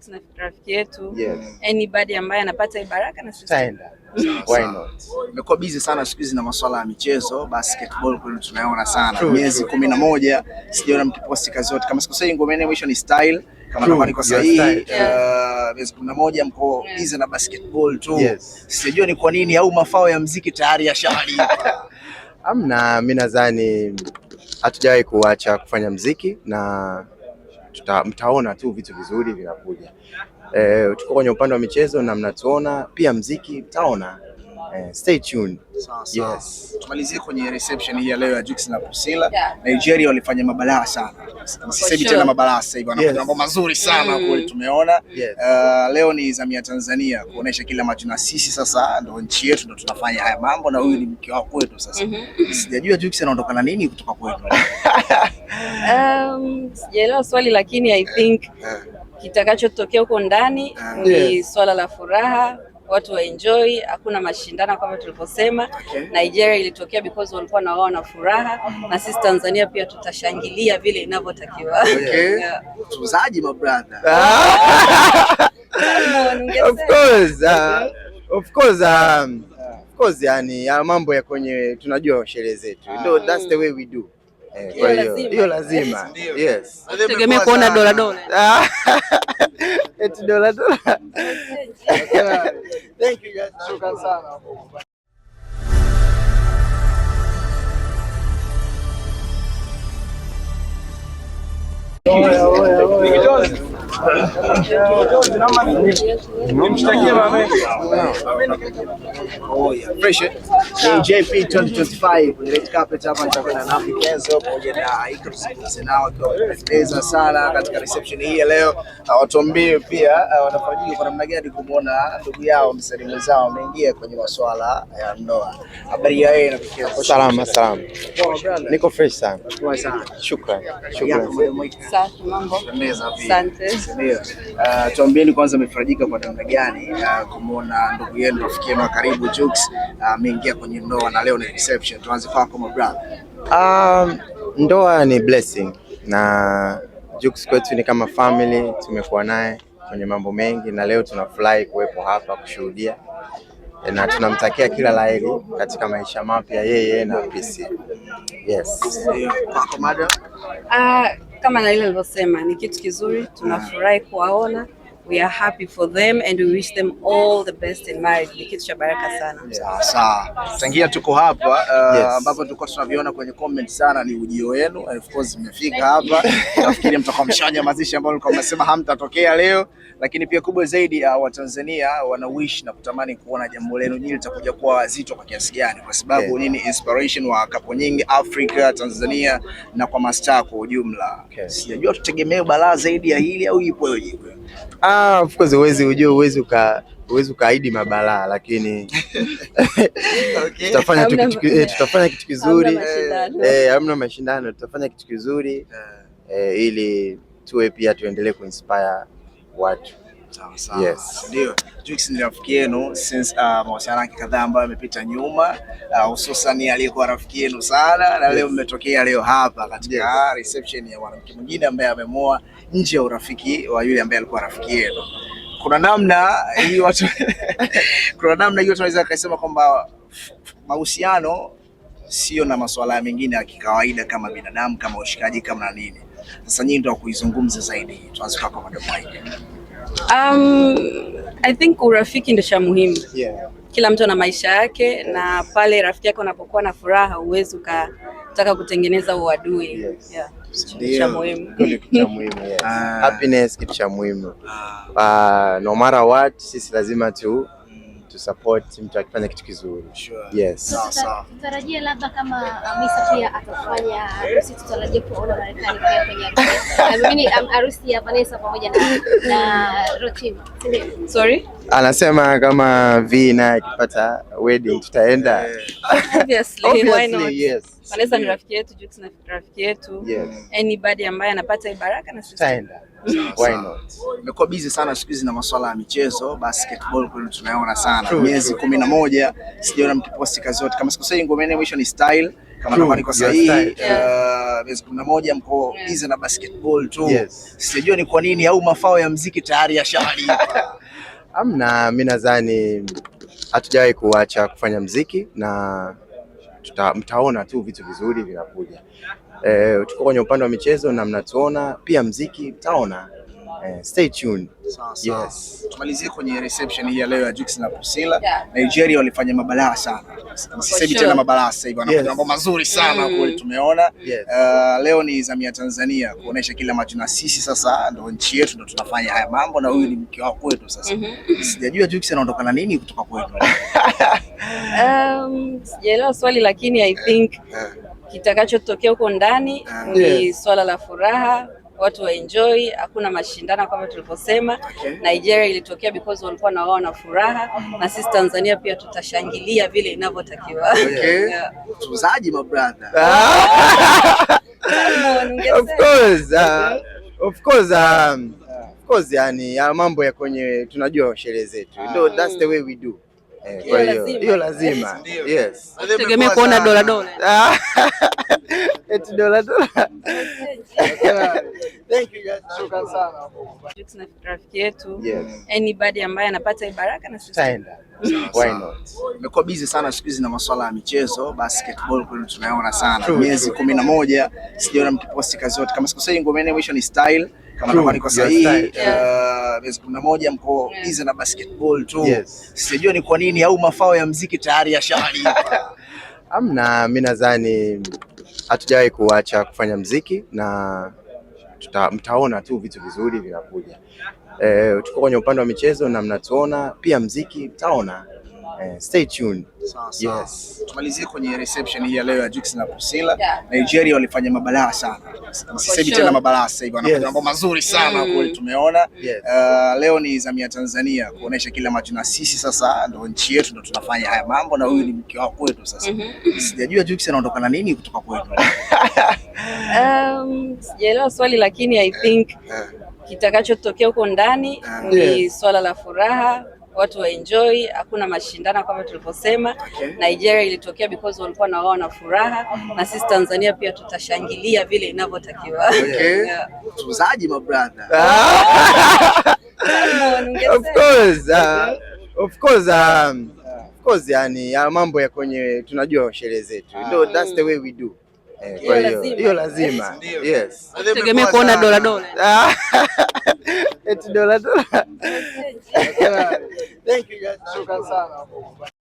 yetu na rafiki yetu yes. Anybody ambaye anapata hii baraka na sisi why not. Imekuwa busy sana siku hizi na masuala ya michezo, basketball kwenu tunaona sana, miezi kumi na moja sijaona mkiposti kazi yote, kama sikosei ngoma yenu mwisho ni style kama kama kwa sahihi uh, miezi kumi na moja mko busy na basketball tu yes. Sijajua ni kwa nini au mafao ya mziki tayari ya shahari amna, mimi nadhani hatujawahi kuacha kufanya mziki na tuta, mtaona tu vitu vizuri vinakuja. E, tuko kwenye upande wa michezo na mnatuona pia, mziki mtaona. E, stay tuned. Sasa, yes. Tumalizie kwenye reception hii ya leo ya Jux na Priscilla. Yeah. Nigeria walifanya mabalaa sana. Sisemi tena mabalaa sasa hivi wanafanya mambo mazuri sana mm. Kule tumeona. Yes. Uh, leo ni zamu ya Tanzania kuonesha kila macho na sisi sasa ndo nchi yetu ndo tunafanya haya mambo na huyu ni mke wao kwetu sasa. Mm -hmm. Sijajua Jux anaondoka na nini kutoka kwetu. Um, sijaelewa swali lakini I think kitakachotokea huko ndani ni yes, swala la furaha watu waenjoy, hakuna mashindano kama tulivyosema. Okay. Nigeria ilitokea because walikuwa na wao na furaha, na sisi Tanzania pia tutashangilia vile inavyotakiwa. Okay. Yeah. Tuzaji mabrada. Ah. Ah. Of course, uh, ah, of course, um, of course yani mambo ya kwenye tunajua sherehe zetu. Ndio, that's the way we do kwa hiyo hiyo lazima Tegemea kuona dola dola, ah. eti dola dola. Thank you guys, shukrani sana. Tumependeza sana katika reception hii ya leo. Watuambie pia eh, wanafaidika kwa namna gani kumwona ndugu yao msanii mwenzao ameingia kwenye masuala ya ndoa. Habari ya yeye? Salama salama, niko fresh sana. Shukrani, shukrani. Mambo. Asante ndio. Uh, tuambieni kwanza amefarajika kwa namna gani uh, kumuona ndugu yenu rafiki yenu karibu Jux ah, ameingia uh, kwenye ndoa na leo ni reception. Tuanze kwako kama brother. Um, ndoa ni blessing na Jux kwetu ni kama family, tumekuwa naye kwenye mambo mengi na leo tunafurahi kuwepo hapa kushuhudia na tunamtakia kila laheri katika maisha mapya yeye na PC. Yes. Uh, kama ile alivyosema, ni kitu kizuri, tunafurahi kuwaona we are happy for them and we wish them all the best in marriage. Ni kitu cha baraka sana. Yeah, sawa. Tangia tuko hapa ambapo uh, yes. Tulikuwa tunaviona kwenye comment sana ni ujio wenu of course mmefika hapa nafikiri mtakuwa mshanya mazishi ambayo mlikuwa mmesema hamtatokea leo, lakini pia kubwa zaidi uh, Watanzania wana wish na kutamani kuona jambo lenu nyinyi litakuja kuwa zito kwa kiasi gani, kwa sababu yeah. Nini inspiration wa kapo nyingi Afrika, Tanzania na kwa mastaa kwa ujumla okay. Sijajua tutegemee balaa zaidi ya hili au ipo Ah, of course uwezi ujue uwezi uka uwezi ukaahidi mabalaa lakini okay. tutafanya tu kitu eh, tutafanya kitu kizuri eh, eh, hamna mashindano, tutafanya kitu kizuri eh, eh ili tuwe pia tuendelee kuinspire watu. Yes. Ndio. Jux ni rafiki yenu since uh, mahusiano yake kadhaa ambayo amepita nyuma uh, hususan uh, aliyekuwa rafiki yenu sana na leo mmetokea leo hapa katika yes, reception ya mwanamke mwingine ambaye amemoa nje ya urafiki wa yule ambaye alikuwa rafiki yenu. Kuna namna hiyo watu kuna namna kusema kwamba mahusiano sio na masuala mengine ya kikawaida kama binadamu kama ushikaji kama na nini. Sasa nyinyi ndio kuizungumza zaidi. Tuanze kwa madam Mike. Um, I think urafiki ndio cha muhimu. Yeah. Kila mtu ana maisha yake na pale rafiki yako anapokuwa na furaha huwezi ukataka kutengeneza uadui. Yes. Yeah. Kitu cha muhimu. Ah. Happiness kitu cha muhimu. Ah. Ah, no matter what, sisi lazima tu to support mtu akifanya kitu kizuri. Sure. Yes. Tutarajie labda kama Hamisa uh, pia atafanya harusi, uh, tutarajie kuona Marekani pia kwenye harusi ya Vanessa pamoja na Rotimi. Sorry? anasema kama na akipata wedding tutaenda. Obviously, Obviously, why not? Yes. Vanessa ni rafiki yetu, Jux ni rafiki yetu. Anybody ambaye anapata hii baraka na sisi tutaenda. Why not? Imekuwa busy sana siku hizi na masuala ya michezo, basketball kwenu tunaona sana. Miezi kumi na moja sijaona mkiposti kazi yote. Kama sikosei ngoma yenu mwisho ni style kama kama kwa sahihi uh, miezi kumi na moja mko busy na basketball tu. Sijajua ni kwa nini au mafao ya mziki tayari yashahali. Amna, mimi nadhani hatujawahi kuacha kufanya mziki na tuta, mtaona tu vitu vizuri vinakuja. E, tuko kwenye upande wa michezo na mnatuona pia mziki mtaona. Eh, stay tuned. Yes. Tumalizie kwenye reception hii ya leo ya Jux na Priscilla. Nigeria walifanya mabalaa sana. Msisemi tena mabalaa sasa hivi wanafanya mambo mazuri sana mm. kule tumeona. Uh, leo ni zamu ya Tanzania kuonesha kila macho na sisi sasa ndo nchi yetu ndo tunafanya haya mambo na huyu ni mke wao kwetu sasa. Mhm. Sijajua Jux anaondoka na nini kutoka kwetu. Um, sijaelewa swali lakini I think eh. kitakachotokea huko ndani ni swala la furaha watu waenjoy, hakuna mashindano kama tulivyosema. Okay. Nigeria ilitokea because walikuwa na wao na furaha, na sisi Tanzania pia tutashangilia vile inavyotakiwa. Okay. Yeah. Tuzaji ah. Of course, uh, of course, um, of course yani ya mambo ya kwenye tunajua sherehe zetu. Ah. Ndio, that's the way we do kwa hiyo hiyo lazima Tegemea kuona dola dola, eti dola dola. Thank you guys, shukrani sana na rafiki yetu, anybody ambaye anapata hii baraka na sisi taenda Why not? Imekuwa busy sana siku hizi na masuala ya michezo, basketball kwenu tunaona sana. Miezi kumi na moja sijaona mkiposti kazi yote, kama siku sasa ngomeni mwisho ni style kama kama niko sahihi uh, miezi kumi na moja mko bize na basketball tu yes. Sijajua ni kwa nini au mafao ya mziki tayari yashalipa. Amna, mi nadhani hatujawahi kuacha kufanya mziki na tuta, mtaona tu vitu vizuri vinakuja. E, tuko kwenye upande wa michezo na mnatuona pia mziki mtaona Eh, stay tuned. Sasa. Yes. Tumalizie kwenye reception hii ya leo ya Jux na Priscilla. Yeah. Nigeria walifanya mabalaa sana. Sasa tena mabalaa sasa hivi wanafanya mambo mazuri sana mm. tumeona. Yes. Uh, leo ni zamia ya Tanzania kuonesha kila macho na sisi sasa ndo nchi yetu ndo tunafanya haya mambo na huyu ni mke wa kwetu sasa. Mm -hmm. Sijajua Jux na nini kutoka kwetu. Um, sijaelewa swali lakini I think eh. kitakachotokea huko ndani eh. ni swala la furaha watu waenjoy, hakuna mashindano kama tulivyosema. Nigeria ilitokea because walikuwa na wao na furaha, na sisi Tanzania pia tutashangilia vile inavyotakiwa. Okay. yeah. Tuzaji ah. of course uh, of course um, of course yani ya mambo ya kwenye tunajua sherehe zetu ah. ndio, that's the way we do eh, hiyo, eh, lazima, lazima yes, tegemea kuona dola dola Eti dola dola. Thank you guys. Shukrani sana.